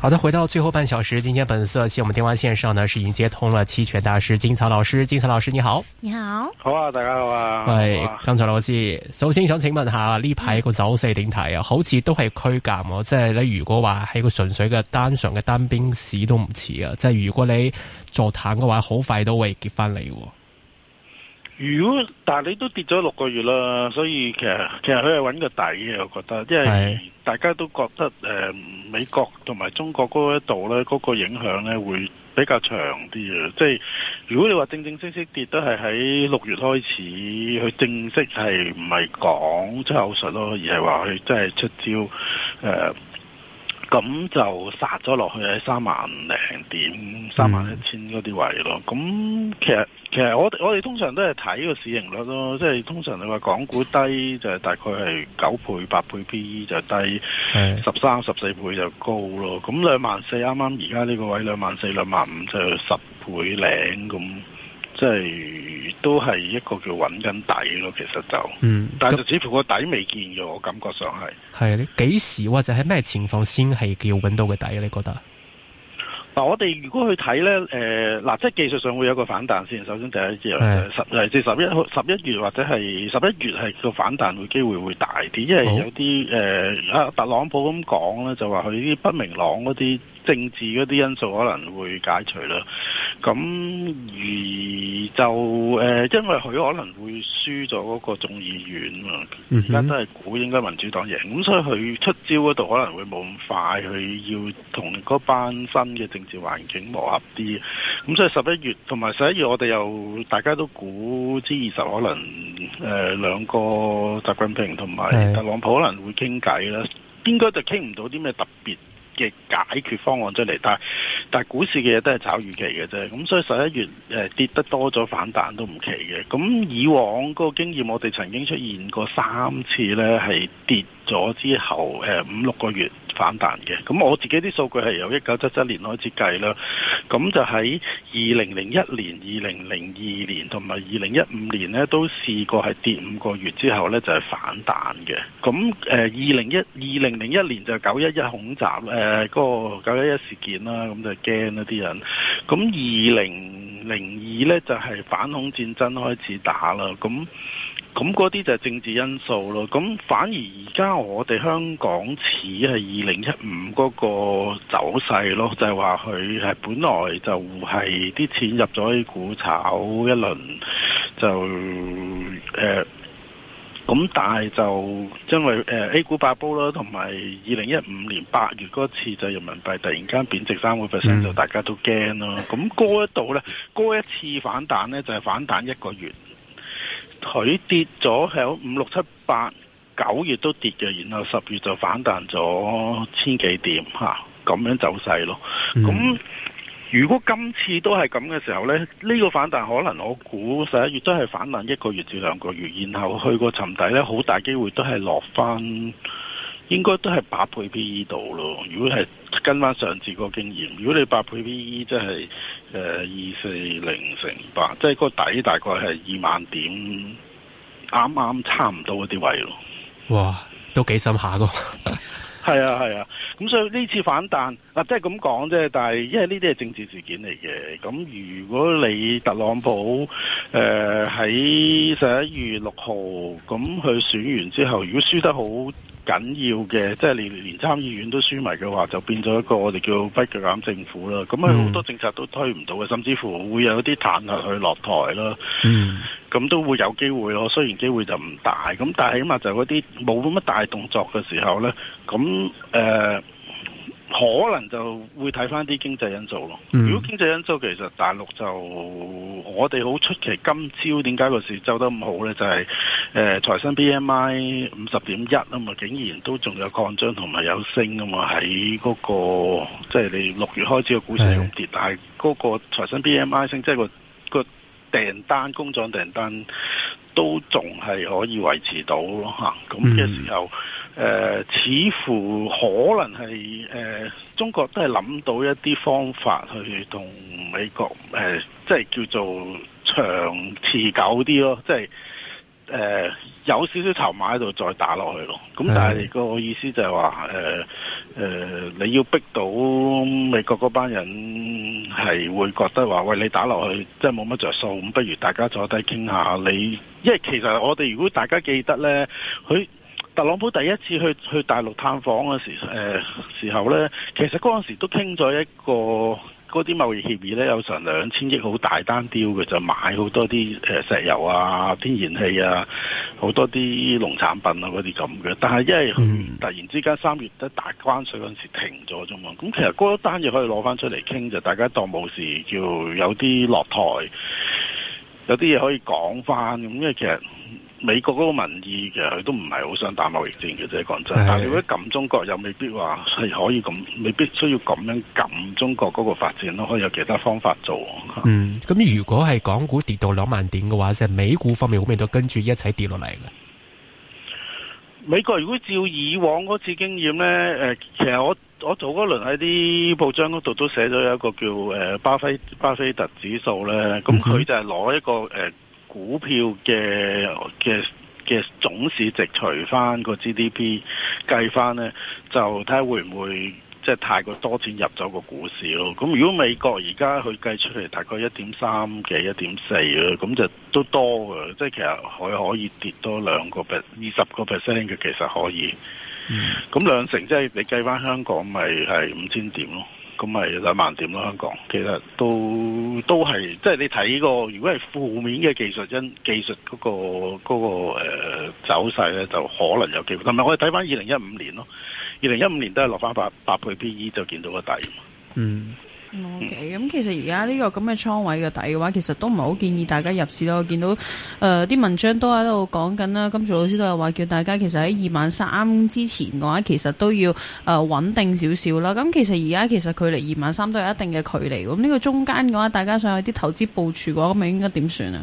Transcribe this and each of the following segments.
好的，回到最後半小時，今天本色係，喺我們電話線上呢，是已經接通了期權大師金曹老師，金曹老師你好，你好，你好啊，大家好啊，喂，金曹、啊、老師，首先想請問下呢排個走勢點睇啊？好似都係趨降，即係你如果話喺個純粹嘅單純嘅單邊市都唔似啊，即係如果你做淡嘅話，好快都會結翻嚟、啊。如果但係你都跌咗六個月啦，所以其實其實佢係揾個底嘅，我覺得，因為大家都覺得誒、呃、美國同埋中國嗰一度呢嗰、嗰個影響咧會比較長啲嘅。即係如果你話正正式式跌都係喺六月開始，佢正式係唔係講出口術咯，而係話佢真係出招誒。呃咁就殺咗落去喺三萬零點、三萬一千嗰啲位咯。咁、嗯、其實其實我我哋通常都係睇個市盈率咯，即係通常你話港股低就係大概係九倍、八倍 PE 就低，十三、十四倍就高咯。咁兩萬四啱啱而家呢個位兩萬四、兩萬五就十倍零咁。即係都係一個叫揾緊底咯，其實就嗯，但係就似乎個底未見嘅，我感覺上係係你幾時或者係咩情況先係叫揾到個底？你覺得嗱，我哋如果去睇呢，誒、呃、嗱，即係技術上會有個反彈先，首先第一隻十嚟至十一十一月或者係十一月係個反彈，會機會會大啲，因為有啲誒阿特朗普咁講呢，就話佢啲不明朗嗰啲。政治嗰啲因素可能會解除啦，咁而就誒、呃、因為佢可能會輸咗嗰個眾議院啊，而家都係估應該民主黨贏，咁所以佢出招嗰度可能會冇咁快，佢要同嗰班新嘅政治環境磨合啲，咁所以十一月同埋十一月我哋又大家都估，G20 可能誒兩、呃、個習近平同埋特朗普可能會傾偈啦，的應該就傾唔到啲咩特別，嘅解決方案出嚟，但係但係股市嘅嘢都係炒預期嘅啫，咁所以十一月誒、呃、跌得多咗，反彈都唔奇嘅。咁以往嗰個經驗，我哋曾經出現過三次呢，係跌咗之後誒、呃、五六個月，反彈嘅，咁我自己啲數據係由一九七七年開始計啦，咁就喺二零零一年、二零零二年同埋二零一五年呢，都試過係跌五個月之後呢，就係反彈嘅。咁誒二零一二零零一年就九一一恐襲誒嗰個九一一事件啦，咁就驚一啲人。咁二零零二呢，就係反恐戰爭開始打啦，咁。咁嗰啲就係政治因素咯。咁反而而家我哋香港似係二零一五嗰個走勢咯，就係話佢係本來就係啲錢入咗 A 股炒一輪，就誒咁、呃、但係就因為誒 A 股爆煲啦，同埋二零一五年八月嗰次就人民幣突然間貶值三個 percent，就大家都驚咯。咁嗰一度咧，嗰一次反彈咧，就係、是、反彈一個月。佢跌咗，係有五六七八九月都跌嘅，然後十月就反彈咗千幾點嚇，咁、啊、樣走勢咯。咁、嗯、如果今次都係咁嘅時候呢，呢、呢個反彈可能我估十一月都係反彈一個月至兩個月，然後去個沉底呢，好大機會都係落翻。應該都係八倍 P E 度咯。如果係跟翻上次個經驗，如果你八倍 P E，即係誒二四零乘八，即係個底大概係二萬點，啱啱差唔多嗰啲位咯。哇，都幾深下噶。係啊係啊，咁所以呢次反彈嗱，即係咁講啫。但係因為呢啲係政治事件嚟嘅，咁如果你特朗普誒喺十一月六號咁佢選完之後，如果輸得好。緊要嘅，即係你連參議院都輸埋嘅話，就變咗一個我哋叫跛腳攬政府啦。咁啊，好多政策都推唔到嘅，甚至乎會有啲彈劾去落台啦。嗯，咁都會有機會咯，雖然機會就唔大。咁但係起碼就嗰啲冇乜大動作嘅時候咧，咁誒。呃可能就會睇翻啲經濟因素咯。嗯、如果經濟因素其實大陸就我哋好出奇，今朝點解個市走得咁好呢？就係、是、誒、呃、財新 P M I 五十點一啊嘛，竟然都仲有擴張同埋有升啊嘛，喺嗰、那個即係、就是、你六月開始嘅股市咁跌，的但係嗰個財新 P M I 升，即、就、係、是那個、那個訂單工廠訂單都仲係可以維持到咯嚇。咁、啊、嘅時候。嗯誒、呃、似乎可能係誒、呃、中國都係諗到一啲方法去同美國誒、呃，即係叫做長持久啲咯、哦，即係誒、呃、有少少籌碼喺度再打落去咯。咁、嗯、但係個意思就係話誒誒，你要逼到美國嗰班人係會覺得話喂，你打落去，即係冇乜著數，不如大家坐低傾下，下你。因為其實我哋如果大家記得咧，佢。特朗普第一次去去大陸探訪嗰時，誒、呃、時候咧，其實嗰陣時都傾咗一個嗰啲貿易協議咧，有成兩千億好大單調嘅，就買好多啲誒石油啊、天然氣啊、好多啲農產品啊嗰啲咁嘅。但係因為突然之間三月喺大關稅嗰陣時停咗啫嘛，咁、嗯、其實嗰單嘢可以攞翻出嚟傾就，大家當冇事，叫有啲落台，有啲嘢可以講翻咁，因為其實。美國嗰個民意其實，佢都唔係好想打貿易戰嘅啫，講真。的但係如果撳中國，又未必話係可以咁，未必需要咁樣撳中國嗰個發展咯，可以有其他方法做。嗯，咁、嗯嗯、如果係港股跌到兩萬點嘅話，即係美股方面會唔會都跟住一齊跌落嚟咧？美國如果照以往嗰次經驗咧，誒、呃，其實我我做嗰輪喺啲報章嗰度都寫咗一個叫誒、呃、巴菲巴菲特指數咧，咁、嗯、佢、嗯嗯、就係攞一個誒。呃股票嘅嘅嘅總市值除翻個 GDP 計翻咧，就睇下會唔會即係太過多錢入咗個股市咯。咁如果美國而家佢計出嚟大概一點三幾一點四啦，咁就都多㗎，即係其實佢可以跌多兩個 per 二十個 percent 嘅，其實可以。咁、嗯、兩成即係你計翻香港咪係、就是、五千點咯。咁咪兩萬點咯，香港其實都都係，即係你睇個如果係負面嘅技術因技術嗰個嗰個誒走勢咧，就可能有機會。同埋我哋睇翻二零一五年咯，二零一五年都係落翻八八倍 PE 就見到個底。嗯。O K，咁其實而家呢個咁嘅倉位嘅底嘅話，其實都唔係好建議大家入市咯。我見到誒啲、呃、文章都喺度講緊啦，金曹老師都有話叫大家其實喺二萬三之前嘅話，其實都要誒、呃、穩定少少啦。咁、嗯、其實而家其實距離二萬三都有一定嘅距離，咁、嗯、呢、這個中間嘅話，大家想有啲投資部署嘅話，咁咪應該點算啊？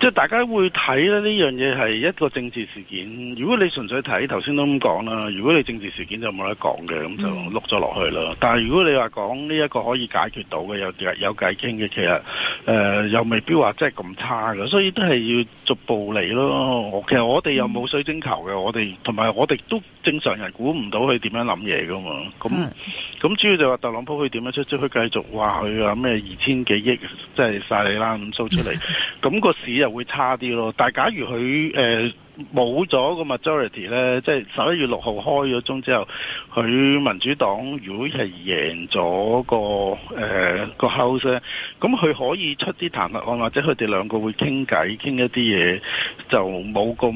即係大家會睇咧呢樣嘢係一個政治事件。如果你純粹睇頭先都咁講啦，如果你政治事件就冇得講嘅，咁就碌咗落去啦。但係如果你話講呢一個可以解決到嘅有偈有偈傾嘅，其實誒、呃、又未必話真係咁差嘅，所以都係要逐步嚟咯。嗯、其實我哋又冇水晶球嘅，我哋同埋我哋都。正常人估唔到佢點樣諗嘢㗎嘛？咁咁、嗯、主要就話特朗普佢點樣出？即佢繼續話佢話咩二千幾億，即係晒你啦。咁數出嚟。咁、個市又會差啲咯。但係假如佢誒冇咗個 majority 咧，即係十一月六號開咗鐘之後，佢民主黨如果係贏咗個誒、呃、個 house 咧，咁佢可以出啲彈劾案，或者佢哋兩個會傾偈傾一啲嘢，就冇咁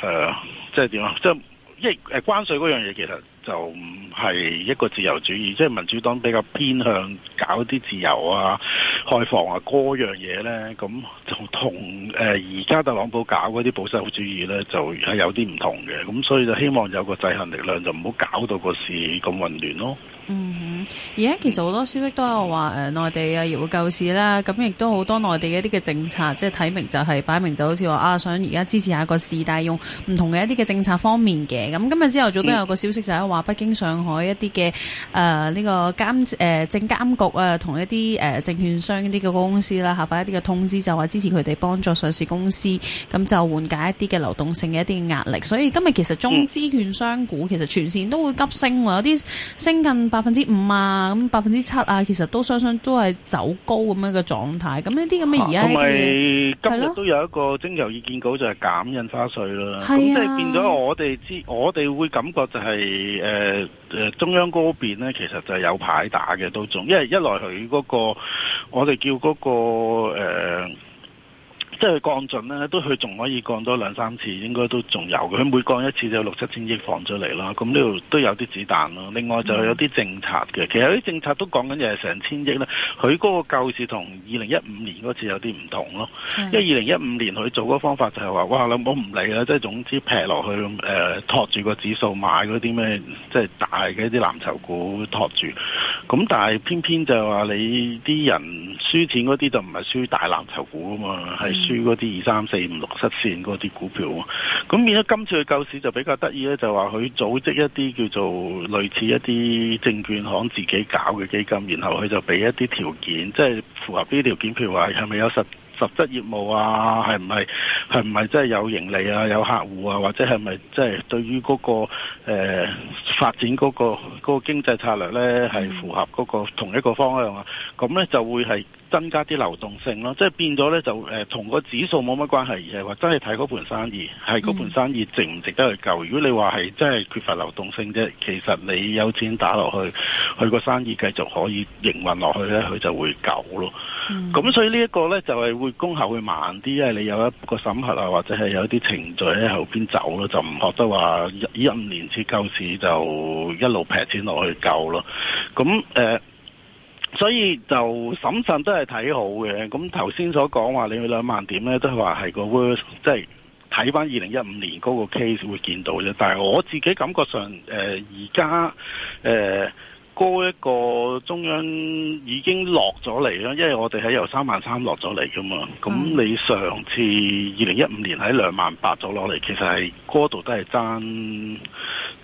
誒，即係點啊？即係。即係誒關稅嗰樣嘢，其實。就唔係一個自由主義，即、就、係、係、民主黨比較偏向搞啲自由啊、開放啊嗰樣嘢呢。咁就同誒而家特朗普搞嗰啲保守主義呢，就係有啲唔同嘅。咁所以就希望有個制衡力量，就唔好搞到個事咁混亂咯。而家、嗯、其實好多消息都有話誒、呃，內地啊，要救市啦。咁亦都好多內地嘅一啲嘅政策，即係睇明就係、係、擺明就好似話啊，想而家支持一下個市，但係用唔同嘅一啲嘅政策方面嘅。咁今日朝頭早都有個消息就係、係嗯話北京、上海一啲嘅誒呢個監誒證監局啊，同一啲誒證券商啲嘅公司啦，下發一啲嘅通知，就話支持佢哋幫助上市公司，咁就緩解一啲嘅流動性嘅一啲壓力。所以今日其實中資券商股其實全線都會急升，有啲升近百分之五啊，咁百分之七啊，其實都相信都係走高咁樣嘅狀態。咁呢啲咁嘅而家係今日，都有一個徵求意見稿就係減印花稅啦。咁即係變咗我哋知，我哋會感覺就係。誒誒、呃，中央嗰邊咧，其實就係有牌打嘅都仲，因為一來佢嗰、嗰個，我哋叫嗰、嗰個、呃即係降準咧，都佢仲可以降多兩三次，應該都仲有。佢每降一次就有六七千億放出嚟啦，咁呢度都有啲子彈咯。另外就有啲政策嘅，嗯、其實啲政策都講緊又係成千億啦。佢嗰個救市同二零一五年嗰次有啲唔同咯，嗯、因為二零一五年佢做嗰方法就係話，哇，你唔好唔理啦，即係總之劈落去誒、呃，托住個指數買嗰啲咩，即係大嘅一啲藍籌股托住。咁但係偏偏就話你啲人輸錢嗰啲就唔係輸大藍籌股啊嘛，係、嗯、輸嗰啲二三四五六七線嗰啲股票，咁變咗今次嘅救市就比較得意咧，就話佢組織一啲叫做類似一啲證券行自己搞嘅基金，然後佢就俾一啲條件，即係符合啲條件譬如話係咪有實實質業務啊，係唔係？係唔係？即係有盈利啊，有客戶啊，或者係咪即係對於嗰、嗰個誒、呃、發展嗰、嗰個嗰、嗰個經濟策略咧係符合嗰個同一個方向啊？咁咧就會係。增加啲流動性咯，即係變咗咧就誒同個指數冇乜關係，而係話真係睇嗰盤生意係嗰盤生意值唔值得去救。如果你話係真係缺乏流動性啫，其實你有錢打落去，佢個生意繼續可以營運落去咧，佢就會救咯。咁所以呢一個咧就係會功效會慢啲，因為你有一個審核啊，或者係有一啲程序喺後邊走咯，就唔學得話一五年次救市就一路劈錢落去救咯。咁誒。所以就審慎都係睇好嘅，咁頭先所講話你去兩萬點咧，都係話係個 worse 即係睇翻二零一五年嗰個 case 會見到啫。但係我自己感覺上，誒而家誒一個中央已經落咗嚟啦，因為我哋喺由三萬三落咗嚟噶嘛。咁、嗯、你上次二零一五年喺兩萬八咗落嚟，其實係嗰度都係爭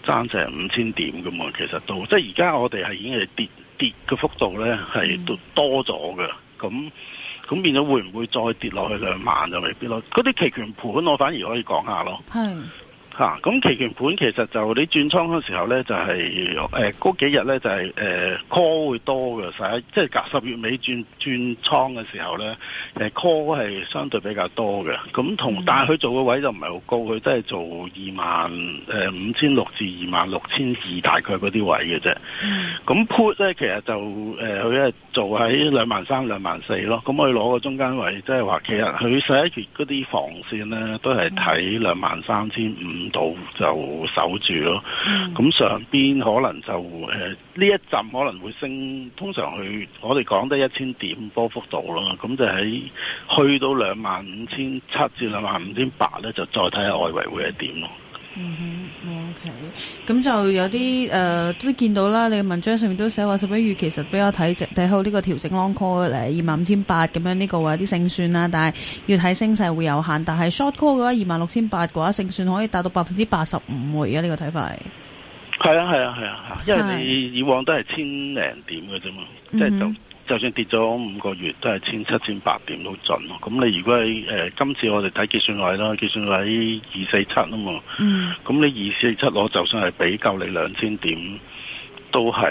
爭成五千點噶嘛。其實都即係而家我哋係已經係跌。跌嘅幅度咧係都多咗嘅，咁咁變咗會唔會再跌落去兩萬就未必咯。嗰啲期權盤我反而可以講下咯。係。嚇、啊，咁期權盤其實就你轉倉嗰時候咧，就係誒嗰幾日咧就係誒 call 會多嘅，十一即係隔十月尾轉轉倉嘅時候咧，誒 call 係相對比較多嘅。咁同但係佢做嘅位就唔係好高，佢都係做二萬誒五千六至二萬六千二大概嗰啲位嘅啫。咁 put 咧其實就誒佢咧做喺兩萬三兩萬四咯。咁佢攞個中間位，即係話其實佢十一月嗰啲防線咧都係睇兩萬三千五。到就守住咯，咁上邊可能就誒呢一陣可能會升，通常去我哋講得一千點波幅度咯，咁就喺去到兩萬五千七至兩萬五千八咧，就再睇下外圍會係點咯。 嗯哼、mm hmm.，OK，咁就有啲誒、uh, 都，都見到啦。你文章上面都寫話，十一月其實比較睇值，睇好呢個調整 long call 咧，二萬五千八咁樣呢個有啲勝算啦。但係要睇升勢會有限。但係 short call 嘅話，二萬六千八嘅話，勝算可以達到百分之八十五回啊。呢個睇法係啊係啊係啊，因為你以往都係千零點嘅啫嘛，即係就算跌咗五個月，都係千七千八點都盡咯。咁你如果係誒今次我哋睇結算位啦，結算位二四七啊嘛。嗯。咁你二四七我就算係俾夠你兩千點，都係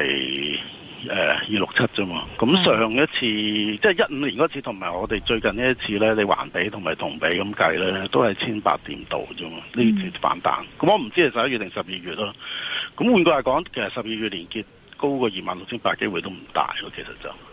誒二六七啫嘛。咁上一次即係一五年嗰次，同埋我哋最近呢一次咧，你環比同埋同比咁計咧，都係千八點度啫嘛。呢次反彈。咁我唔知係十一月定十二月咯。咁換句話講，其實十二月連結高過二萬六千八機會都唔大咯。其實就。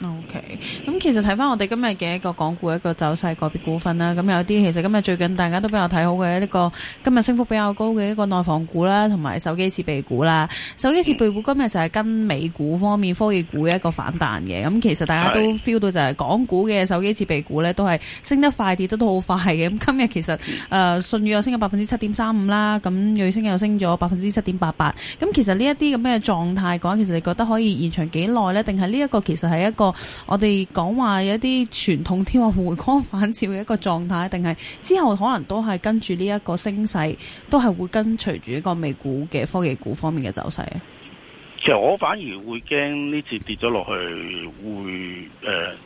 OK，咁其實睇翻我哋今日嘅一個港股一個走勢，個別股份啦，咁、嗯、有啲其實今日最近大家都比較睇好嘅一、這個今日升幅比較高嘅一個內房股啦，同埋手機設備股啦。手機設備股今日就係跟美股方面科技股嘅一個反彈嘅，咁、嗯、其實大家都 feel 到就係港股嘅手機設備股呢都係升得快,跌快，跌得都好快嘅。咁今日其實誒舜宇又升咗百分之七點三五啦，咁、嗯、瑞聲又升咗百分之七點八八。咁、嗯、其實呢一啲咁嘅狀態講，其實你覺得可以延長幾耐呢？定係呢一個其實係一個？我哋講話有一啲傳統啲，話回光返照嘅一個狀態，定係之後可能都係跟住呢一個升勢，都係會跟隨住一個美股嘅科技股方面嘅走勢。其實我反而會驚呢次跌咗落去會誒，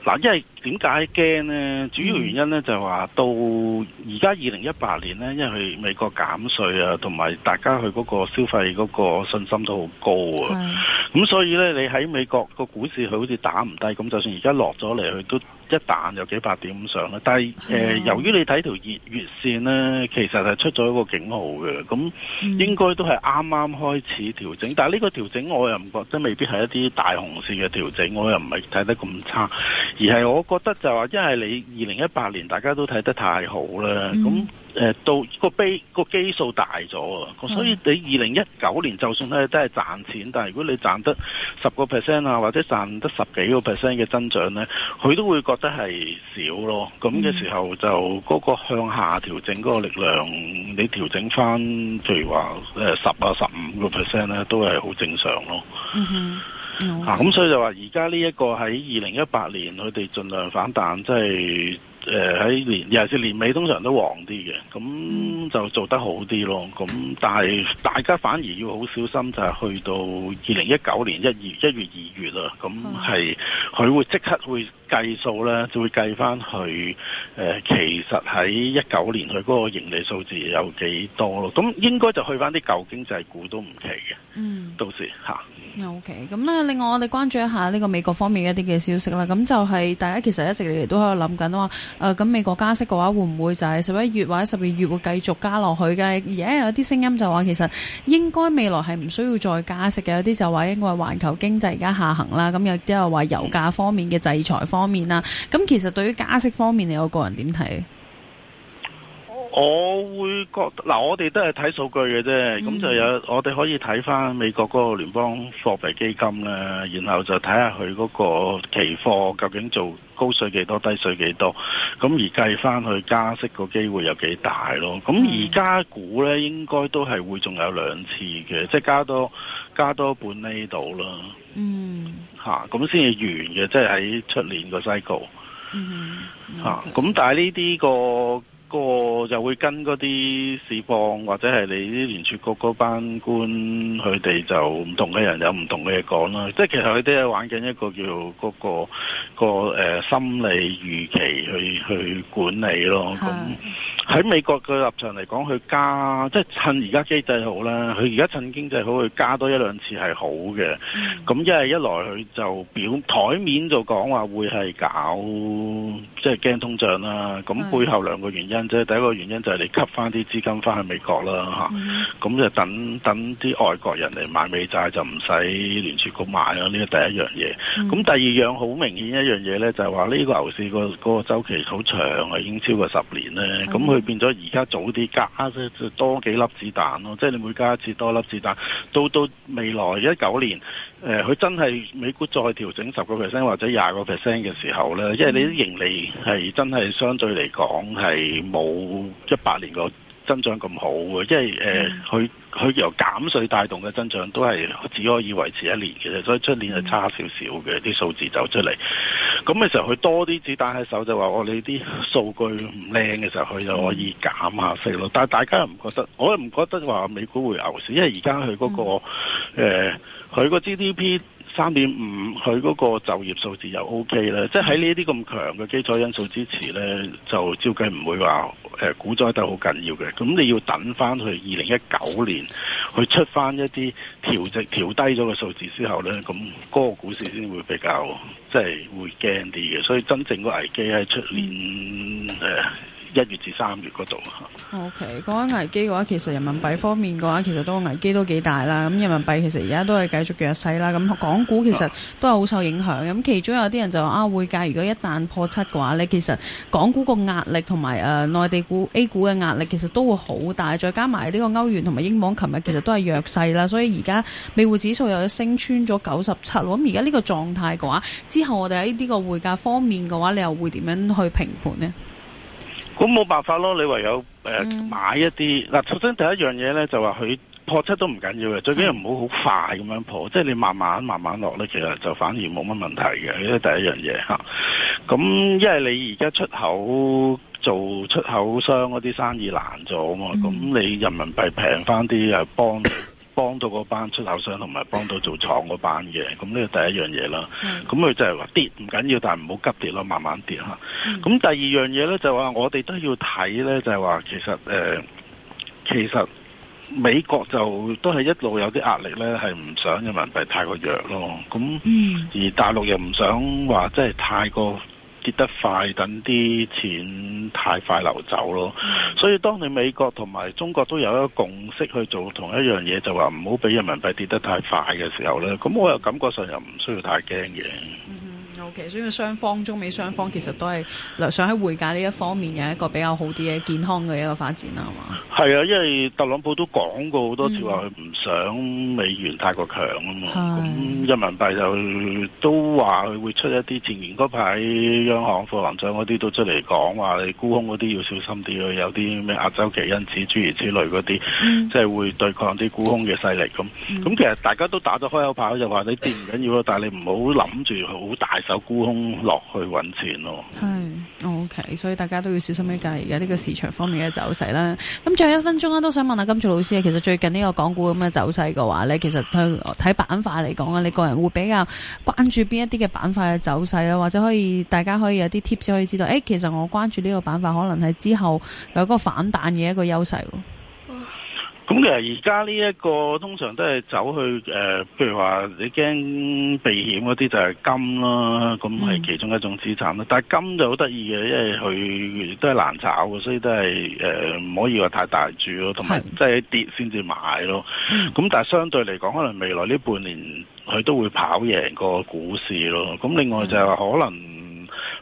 嗱、呃，因為點解驚呢？嗯、主要原因咧就係話到而家二零一八年咧，因為美國減稅啊，同埋大家去嗰個消費嗰個信心都好高啊。咁是的 所以咧，你喺美國個股市佢好似打唔低，咁就算而家落咗嚟，佢都。一彈有幾百點上啦，但係誒，呃、Yeah. 由於你睇條月月線呢，其實係出咗一個警號嘅，咁應該都係啱啱開始調整，mm hmm. 但係呢個調整我又唔覺得未必係一啲大紅線嘅調整，我又唔係睇得咁差，mm hmm. 而係我覺得就話，因為你二零一八年大家都睇得太好啦，咁、mm。Hmm. 誒，到個基個基數大咗，所以你二零一九年就算咧真係賺錢，但係如果你賺得十個 percent 啊，或者賺得十幾個 percent 嘅增長咧，佢都會覺得係少咯。咁嘅時候就嗰個向下調整嗰個力量，你調整翻，譬如話誒十啊十五個 percent 咧，都係好正常咯。嗯、mm，吓、hmm. 咁、okay. 啊、所以就話而家呢一個喺二零一八年，佢哋盡量反彈，即係。誒喺、呃、年尤其是年尾通常都旺啲嘅，咁就做得好啲咯。咁但係大家反而要好小心，就係去到二零一九年一月、一月二月啊，咁係佢會即刻會計數咧，就會計翻佢。誒、呃，其實喺一九年佢嗰個盈利數字有幾多咯。咁應該就去翻啲舊經濟股都唔奇嘅，嗯，到時嚇。啊。O K，咁咧，okay. 另外我哋關注一下呢個美國方面一啲嘅消息啦。咁就係、是、大家其實一直嚟都喺度諗緊話，誒，咁、呃、美國加息嘅話會唔會就係十一月或者十二月會繼續加落去嘅？而、yeah, 家有啲聲音就話，其實應該未來係唔需要再加息嘅。有啲就話，應該係環球經濟而家下行啦，咁有啲又話油價方面嘅制裁方面啊。咁其實對於加息方面，你有個人點睇？我會覺得嗱，我哋都係睇數據嘅啫，咁、嗯、就有我哋可以睇翻美國嗰個聯邦貨幣基金咧，然後就睇下佢嗰個期貨究竟做高水幾多、低水幾多，咁而計翻佢加息個機會有幾大咯？咁而家估咧應該都係會仲有兩次嘅，即係加多加多半釐度啦。嗯，嚇咁先至完嘅，即係喺出年個 cycle。嗯，嚇咁但係呢啲個。個就會跟嗰啲市況，或者係你啲聯儲局嗰班官佢哋就唔同嘅人有唔同嘅嘢講啦。即係其實佢哋玩緊一個叫做、那、嗰個個,個,個、呃、心理預期去去管理咯。咁。喺美國嘅立場嚟講，佢加即係趁而家機制好啦，佢而家趁經濟好，佢加多一兩次係好嘅。咁、嗯、一係一來佢就表台面就講話會係搞，即係驚通脹啦。咁背後兩個原因即係、嗯、第一個原因就係、是、你吸翻啲資金翻去美國啦嚇，咁、嗯、就等等啲外國人嚟買美債就唔使聯儲局買啦，呢個第一樣嘢。咁、嗯、第二樣好明顯一樣嘢咧，就係話呢個牛市個嗰個週期好長啊，已經超過十年咧。咁、嗯嗯佢變咗而家早啲加，多幾粒子彈咯。即係你每加一次多粒子彈，到到未來一九年，誒、呃，佢真係美股再調整十個 percent 或者廿個 percent 嘅時候咧，因為你啲盈利係真係相對嚟講係冇一八年個增長咁好嘅，因為誒佢。呃佢由減稅帶動嘅增長都係只可以維持一年嘅啫，所以出年係差少少嘅啲數字走出嚟。咁嘅時候，佢多啲子彈喺手就話：我哋啲數據唔靚嘅時候，佢就可以減下息咯。但係大家又唔覺得，我又唔覺得話美股會牛市，因為而家佢嗰個佢個 GDP。呃三點五，佢嗰個就業數字又 OK 喇，即係喺呢啲咁強嘅基礎因素支持呢，就照計唔會話誒、呃、股災都好緊要嘅。咁你要等翻去二零一九年，去出翻一啲調值調低咗嘅數字之後呢，咁嗰個股市先會比較即係會驚啲嘅。所以真正個危機係出年、呃一月至三月嗰度啊。O K. 講緊危機嘅話，其實人民幣方面嘅話，其實都危機都幾大啦。咁人民幣其實而家都係繼續弱勢啦。咁港股其實都係好受影響咁、啊、其中有啲人就話啊，匯價如果一旦破七嘅話咧，其實港股個壓力同埋誒內地股 A 股嘅壓力其實都會好大。再加埋呢個歐元同埋英鎊，琴日其實都係弱勢啦。所以而家美匯指數又有升穿咗九十七。咁而家呢個狀態嘅話，之後我哋喺呢個匯價方面嘅話，你又會點樣去評判呢？咁冇辦法咯，你唯有誒、呃、買一啲嗱。首先、嗯、第一樣嘢咧就話佢破七都唔緊要嘅，最緊要唔好好快咁樣破，即係、嗯、你慢慢慢慢落咧，其實就反而冇乜問題嘅。因為第一樣嘢嚇，咁因為你而家出口做出口商嗰啲生意難做啊嘛，咁、嗯、你人民幣平翻啲又幫。嗯幫到嗰班出口商同埋幫到做廠嗰班嘅，咁呢個第一樣嘢啦。咁佢、嗯、就係話跌唔緊要，要，但係唔好急跌咯，慢慢跌吓。咁、嗯、第二樣嘢咧就係話，我哋都要睇咧，就係話其實誒、呃，其實美國就都係一路有啲壓力咧，係唔想人民幣太，、嗯嗯、太過弱咯。咁而大陸又唔想話即係太過。跌得快，等啲錢太快流走咯。所以當你美國同埋中國都有一個共識去做同一樣嘢，就話唔好俾人民幣跌得太快嘅時候呢，咁我又感覺上又唔需要太驚嘅。其實雙方中美雙方其實都係想喺匯價呢一方面嘅一個比較好啲嘅健康嘅一個發展啦，係嘛的？係啊，因為特朗普都講過好多次話，佢唔想美元太過強啊嘛。咁、嗯、人民幣就都話佢會出一啲政綱嗰排，央行副行長嗰啲都出嚟講，話你沽空嗰啲要小心啲啊，有啲咩亞洲期恩子諸如此類嗰啲，即、就、係、是、會對抗啲沽空嘅勢力咁。咁、嗯、其實大家都打咗開口炮，就話你跌唔緊要咯，但係你唔好諗住好大手。沽空落去揾錢咯，係、hey,，OK，所以大家都要小心啲計而家呢個市場方面嘅走勢啦。咁最後一分鐘啦，都想問下金曹老師啊。其實最近呢個港股咁嘅走勢嘅話咧，你其實睇板塊嚟講啊，你個人會比較關注邊一啲嘅板塊嘅走勢啊？或者可以大家可以有啲 tips 可以知道，誒、欸，其實我關注呢個板塊可能係之後有個反彈嘅一個優勢。咁其實而家呢一個通常都係走去誒、呃，譬如話你驚避險嗰啲就係金啦，咁係其中一種資產啦。嗯、但係金就好得意嘅，因為佢都係難炒嘅，所以都係誒唔可以話太大注咯，同埋即係跌先至買咯。咁是但係相對嚟講，可能未來呢半年佢都會跑贏個股市咯。咁另外就係可能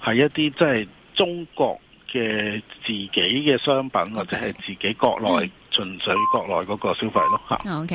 係一啲即係中國。嘅自己嘅商品或者係自己國內，純 Okay. 粹國內嗰個消費咯嚇。Okay.